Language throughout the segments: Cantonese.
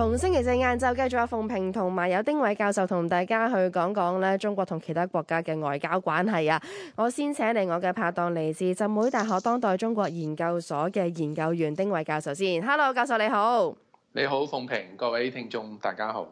同星期四晏晝繼續有鳳平同埋有丁偉教授同大家去講講咧中國同其他國家嘅外交關係啊！我先請嚟我嘅拍檔嚟自浸會大學當代中國研究所嘅研究員丁偉教授先。Hello，教授你好。你好鳳平，各位聽眾大家好。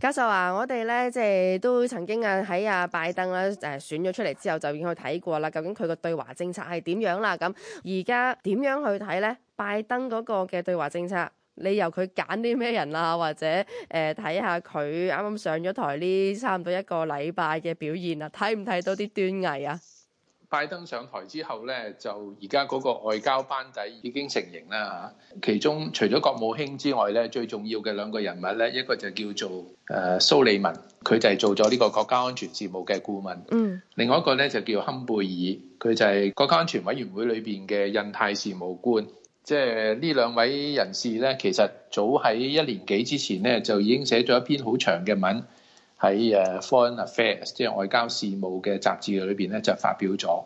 教授啊，我哋咧即係都曾經啊喺啊拜登咧誒選咗出嚟之後就已經去睇過啦，究竟佢個對華政策係點樣啦？咁而家點樣去睇咧？拜登嗰個嘅對華政策？你由佢揀啲咩人啊？或者誒睇下佢啱啱上咗台呢差唔多一個禮拜嘅表現啦，睇唔睇到啲端倪啊？拜登上台之後咧，就而家嗰個外交班底已經成形啦。其中除咗國務卿之外咧，最重要嘅兩個人物咧，一個就叫做誒蘇利文，佢就係做咗呢個國家安全事務嘅顧問。嗯。另外一個咧就叫坎貝爾，佢就係國家安全委員會裏邊嘅印太事務官。即係呢兩位人士咧，其實早喺一年幾之前咧，就已經寫咗一篇好長嘅文喺誒 Foreign Affairs，即係外交事務嘅雜誌裏邊咧，就發表咗，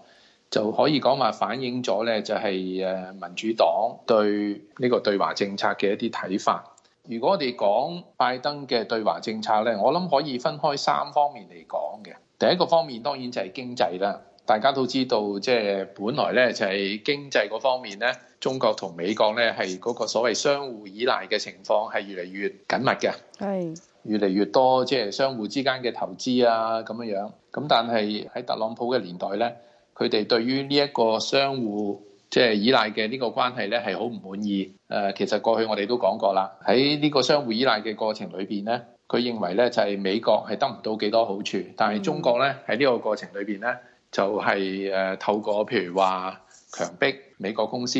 就可以講話反映咗咧，就係、是、誒民主黨對呢個對華政策嘅一啲睇法。如果我哋講拜登嘅對華政策咧，我諗可以分開三方面嚟講嘅。第一個方面當然就係經濟啦。大家都知道，即係本來咧就係經濟嗰方面咧，中國同美國咧係嗰個所謂相互依賴嘅情況係越嚟越緊密嘅。係，是的 越嚟越多即係相互之間嘅投資啊咁樣樣。咁但係喺特朗普嘅年代咧，佢哋對於呢一個相互即係依賴嘅呢個關係咧係好唔滿意。誒，其實過去我哋都講過啦，喺呢個相互依賴嘅過程裏邊咧，佢認為咧就係美國係得唔到幾多好處，但係中國咧喺呢個過程裏邊咧。就係誒透過譬如話強迫美國公司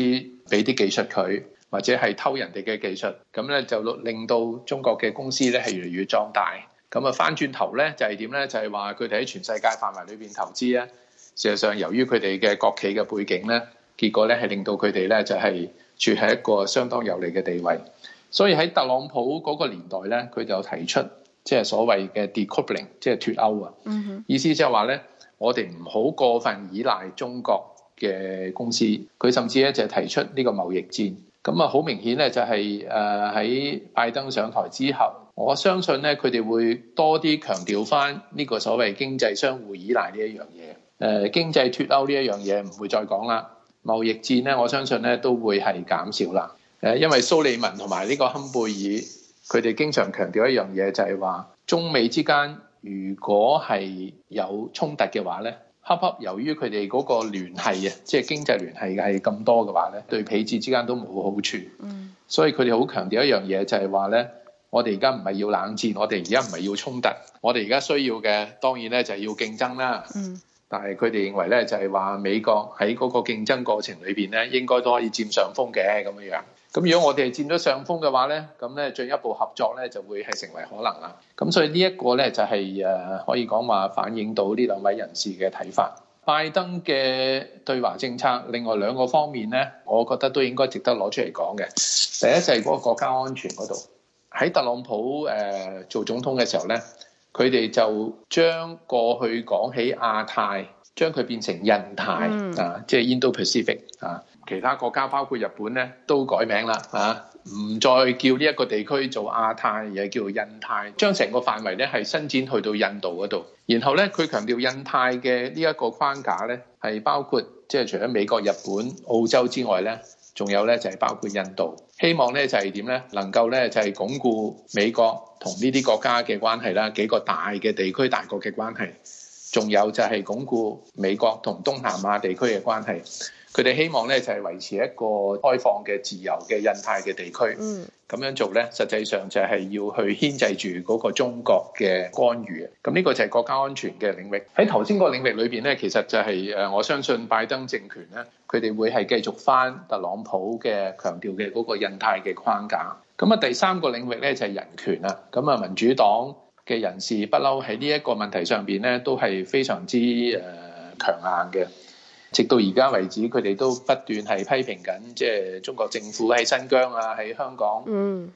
俾啲技術佢，或者係偷人哋嘅技術，咁咧就令到中國嘅公司咧係越嚟越壯大。咁啊，翻轉頭咧就係點咧？就係話佢哋喺全世界範圍裏邊投資啊。事實上，由於佢哋嘅國企嘅背景咧，結果咧係令到佢哋咧就係處喺一個相當有利嘅地位。所以喺特朗普嗰個年代咧，佢就提出即係所謂嘅 decoupling，即係脫歐啊、mm。Hmm. 意思即係話咧。我哋唔好過分依賴中國嘅公司，佢甚至咧就提出呢個貿易戰，咁啊好明顯咧就係誒喺拜登上台之後，我相信咧佢哋會多啲強調翻呢個所謂經濟相互依賴呢一樣嘢。誒經濟脱歐呢一樣嘢唔會再講啦，貿易戰咧我相信咧都會係減少啦。誒因為蘇利文同埋呢個坎貝爾，佢哋經常強調一樣嘢就係話中美之間。如果係有衝突嘅話呢，恰恰由於佢哋嗰個聯繫啊，即係經濟聯繫係咁多嘅話呢，對彼此之間都冇好處。嗯，所以佢哋好強調一樣嘢，就係話呢：「我哋而家唔係要冷戰，我哋而家唔係要衝突，我哋而家需要嘅當然呢就係要競爭啦。」嗯，但係佢哋認為呢，就係話美國喺嗰個競爭過程裏邊呢，應該都可以佔上風嘅咁樣樣。咁如果我哋係佔咗上風嘅話咧，咁咧進一步合作咧就會係成為可能啦。咁所以呢一個咧就係、是、誒可以講話反映到呢兩位人士嘅睇法。拜登嘅對華政策，另外兩個方面咧，我覺得都應該值得攞出嚟講嘅。第一就係嗰個國家安全嗰度，喺特朗普誒、呃、做總統嘅時候咧，佢哋就將過去講起亞太，將佢變成印太、嗯、啊，即、就、係、是、Indo-Pacific 啊。其他國家包括日本咧都改名啦嚇，唔、啊、再叫呢一個地區做亞太，而係叫做印太，將成個範圍咧係伸展去到印度嗰度。然後咧，佢強調印太嘅呢一個框架咧係包括即係、就是、除咗美國、日本、澳洲之外咧，仲有咧就係、是、包括印度。希望咧就係點咧，能夠咧就係、是、鞏固美國同呢啲國家嘅關係啦，幾個大嘅地區大國嘅關係，仲有就係鞏固美國同東南亞地區嘅關係。佢哋希望咧就係、是、維持一個開放嘅、自由嘅印太嘅地區，咁樣做咧，實際上就係要去牽制住嗰個中國嘅干預嘅。咁呢個就係國家安全嘅領域。喺頭先個領域裏邊咧，其實就係、是、誒，我相信拜登政權咧，佢哋會係繼續翻特朗普嘅強調嘅嗰個印太嘅框架。咁啊，第三個領域咧就係、是、人權啦。咁啊，民主黨嘅人士不嬲喺呢一個問題上邊咧，都係非常之誒、呃、強硬嘅。直到而家為止，佢哋都不斷係批評緊，即係中國政府喺新疆啊、喺香港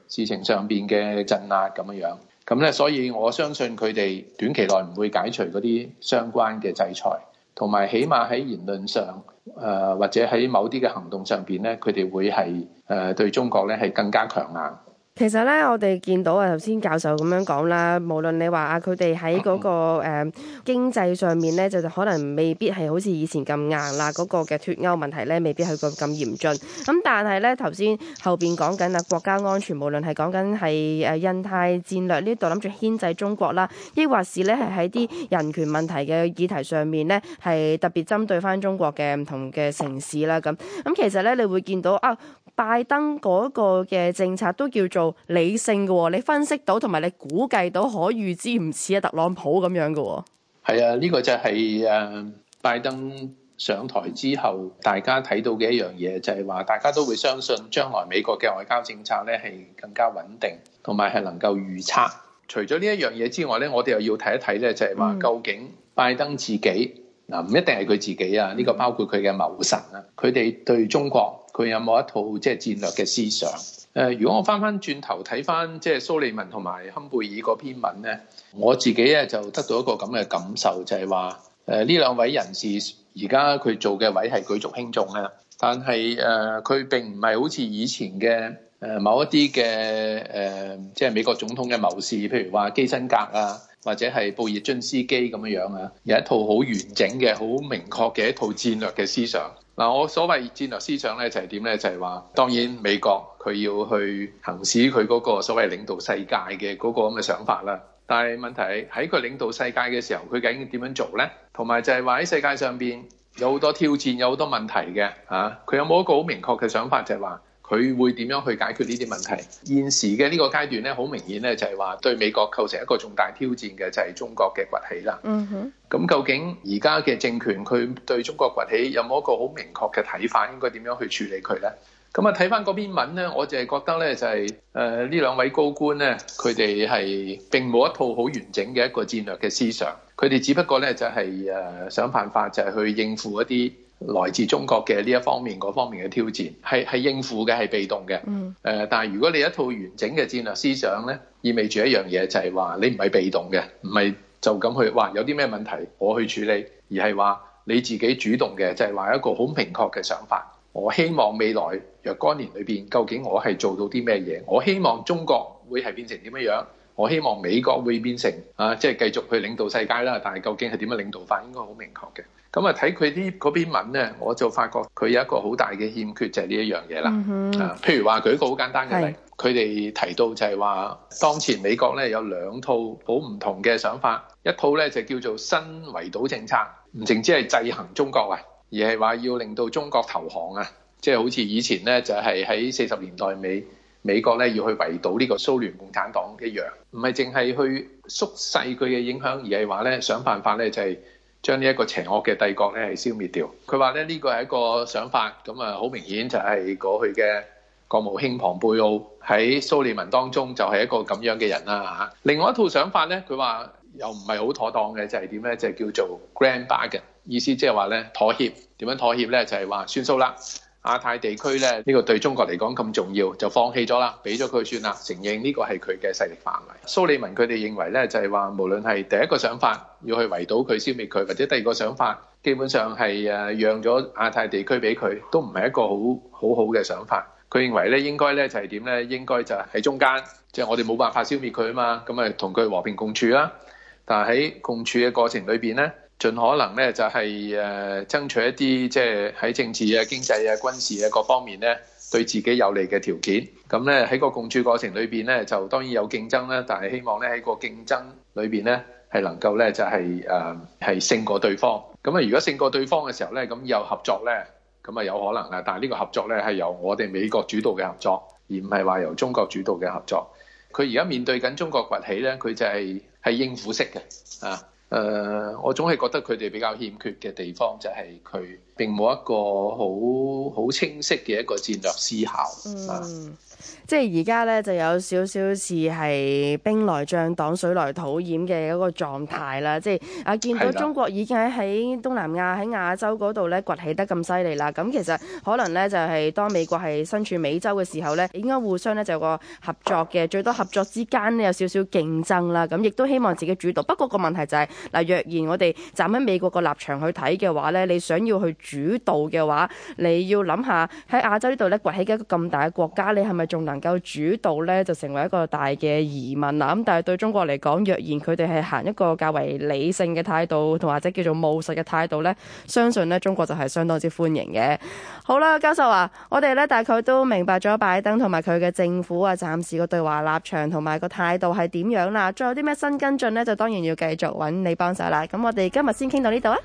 事情上邊嘅鎮壓咁樣樣。咁咧，所以我相信佢哋短期內唔會解除嗰啲相關嘅制裁，同埋起碼喺言論上，誒或者喺某啲嘅行動上邊咧，佢哋會係誒對中國咧係更加強硬。其實咧，我哋見到啊，頭先教授咁樣講啦，無論你話啊，佢哋喺嗰個誒、呃、經濟上面咧，就可能未必係好似以前咁硬啦，嗰、嗰個嘅脫歐問題咧，未必係個咁嚴峻。咁但係咧，頭先後邊講緊啊，國家安全，無論係講緊係誒印太戰略呢度諗住牽制中國啦，抑或是咧係喺啲人權問題嘅議題上面咧，係特別針對翻中國嘅唔同嘅城市啦，咁咁其實咧，你會見到啊。呃拜登嗰個嘅政策都叫做理性嘅喎，你分析到同埋你估計到，可預知，唔似啊特朗普咁樣嘅。係啊，呢個就係誒拜登上台之後，大家睇到嘅一樣嘢就係話，大家都會相信將來美國嘅外交政策咧係更加穩定，同埋係能夠預測。除咗呢一樣嘢之外咧，我哋又要睇一睇咧，就係話究竟拜登自己。嗱，唔一定係佢自己啊！呢、這個包括佢嘅謀臣啊，佢哋對中國，佢有冇一套即係戰略嘅思想？誒、呃，如果我翻翻轉頭睇翻即係蘇利文同埋坎貝爾嗰篇文咧，我自己咧就得到一個咁嘅感受，就係話誒呢兩位人士而家佢做嘅位係舉足輕重啊，但係誒佢並唔係好似以前嘅誒、呃、某一啲嘅誒即係美國總統嘅謀士，譬如話基辛格啊。或者係布熱津斯基咁樣樣啊，有一套好完整嘅、好明確嘅一套戰略嘅思想。嗱、啊，我所謂戰略思想咧就係點咧？就係話，當然美國佢要去行使佢嗰個所謂領導世界嘅嗰個咁嘅想法啦。但係問題喺佢領導世界嘅時候，佢究竟點樣做咧？同埋就係話喺世界上邊有好多挑戰，有好多問題嘅啊。佢有冇一個好明確嘅想法，就係話，佢會點樣去解決呢啲問題？現時嘅呢個階段咧，好明顯咧，就係話對美國構成一個重大挑戰嘅就係中國嘅崛起啦。嗯哼、mm。咁、hmm. 究竟而家嘅政權佢對中國崛起有冇一個好明確嘅睇法？應該點樣去處理佢咧？咁啊，睇翻嗰篇文咧，我就係覺得咧，就係誒呢兩位高官咧，佢哋係並冇一套好完整嘅一個戰略嘅思想。佢哋只不過咧就係、是、誒、呃、想辦法就係去應付一啲來自中國嘅呢一方面嗰方面嘅挑戰，係係應付嘅係被動嘅。嗯、呃、誒，但係如果你一套完整嘅戰略思想咧，意味住一樣嘢就係話你唔係被動嘅，唔係就咁去，話有啲咩問題，我去處理，而係話你自己主動嘅，就係、是、話一個好明確嘅想法。我希望未來若干年裏邊，究竟我係做到啲咩嘢？我希望中國會係變成點樣樣？我希望美國會變成啊，即係繼續去領導世界啦。但係究竟係點樣領導法，應該好明確嘅。咁啊，睇佢啲嗰篇文咧，我就發覺佢有一個好大嘅欠缺，就係呢一樣嘢啦。啊，譬如話舉個好簡單嘅例，佢哋提到就係話，當前美國咧有兩套好唔同嘅想法，一套咧就叫做新圍堵政策，唔淨只係制衡中國呀。而係話要令到中國投降啊！即係好似以前咧，就係喺四十年代尾，美國咧要去圍堵呢個蘇聯共產黨一樣，唔係淨係去縮細佢嘅影響，而係話咧想辦法咧就係將呢一個邪惡嘅帝國咧係消滅掉。佢話咧呢個係一個想法，咁啊好明顯就係過去嘅國務卿蓬佩奧喺蘇利文當中就係一個咁樣嘅人啦嚇。另外一套想法咧，佢話又唔係好妥當嘅，就係點咧？就係叫做 Grand Bargain。意思即係話咧，妥協點樣妥協咧？就係話算數啦。亞太地區咧，呢個對中國嚟講咁重要，就放棄咗啦，俾咗佢算啦，承認呢個係佢嘅勢力範圍。蘇利文佢哋認為咧，就係話無論係第一個想法，要去圍堵佢、消滅佢，或者第二個想法，基本上係啊讓咗亞太地區俾佢，都唔係一個好好好嘅想法。佢認為咧，應該咧就係點咧？應該就係喺中間，即係我哋冇辦法消滅佢啊嘛，咁咪同佢和平共處啦。但係喺共處嘅過程裏邊咧。盡可能咧就係誒爭取一啲即係喺政治啊、經濟啊、軍事啊各方面咧對自己有利嘅條件。咁咧喺個共處過程裏邊咧，就當然有競爭啦。但係希望咧喺個競爭裏邊咧係能夠咧就係誒係勝過對方。咁啊，如果勝過對方嘅時候咧，咁有合作咧，咁啊有可能啊。但係呢個合作咧係由我哋美國主導嘅合作，而唔係話由中國主導嘅合作。佢而家面對緊中國崛起咧，佢就係係應付式嘅啊。誒，uh, 我總係覺得佢哋比較欠缺嘅地方，就係佢並冇一個好好清晰嘅一個戰略思考。嗯。即係而家咧就有少少似係兵來將擋水來土掩嘅一個狀態啦。即係啊，見到中國已經喺喺東南亞喺亞洲嗰度咧崛起得咁犀利啦。咁、啊、其實可能咧就係、是、當美國係身處美洲嘅時候咧，應該互相咧就有個合作嘅，最多合作之間呢，有少少競爭啦。咁、啊、亦都希望自己主導。不過個問題就係、是、嗱、啊，若然我哋站喺美國個立場去睇嘅話咧，你想要去主導嘅話，你要諗下喺亞洲呢度咧崛起嘅一個咁大嘅國家，你係咪？仲能夠主導呢，就成為一個大嘅疑問啦。咁但係對中國嚟講，若然佢哋係行一個較為理性嘅態度，同或者叫做務實嘅態度呢，相信呢中國就係相當之歡迎嘅。嗯、好啦，教授啊，我哋呢，大概都明白咗拜登同埋佢嘅政府啊，暫時個對話立場同埋個態度係點樣啦。再有啲咩新跟進呢？就當然要繼續搵你幫手啦。咁我哋今日先傾到呢度啊。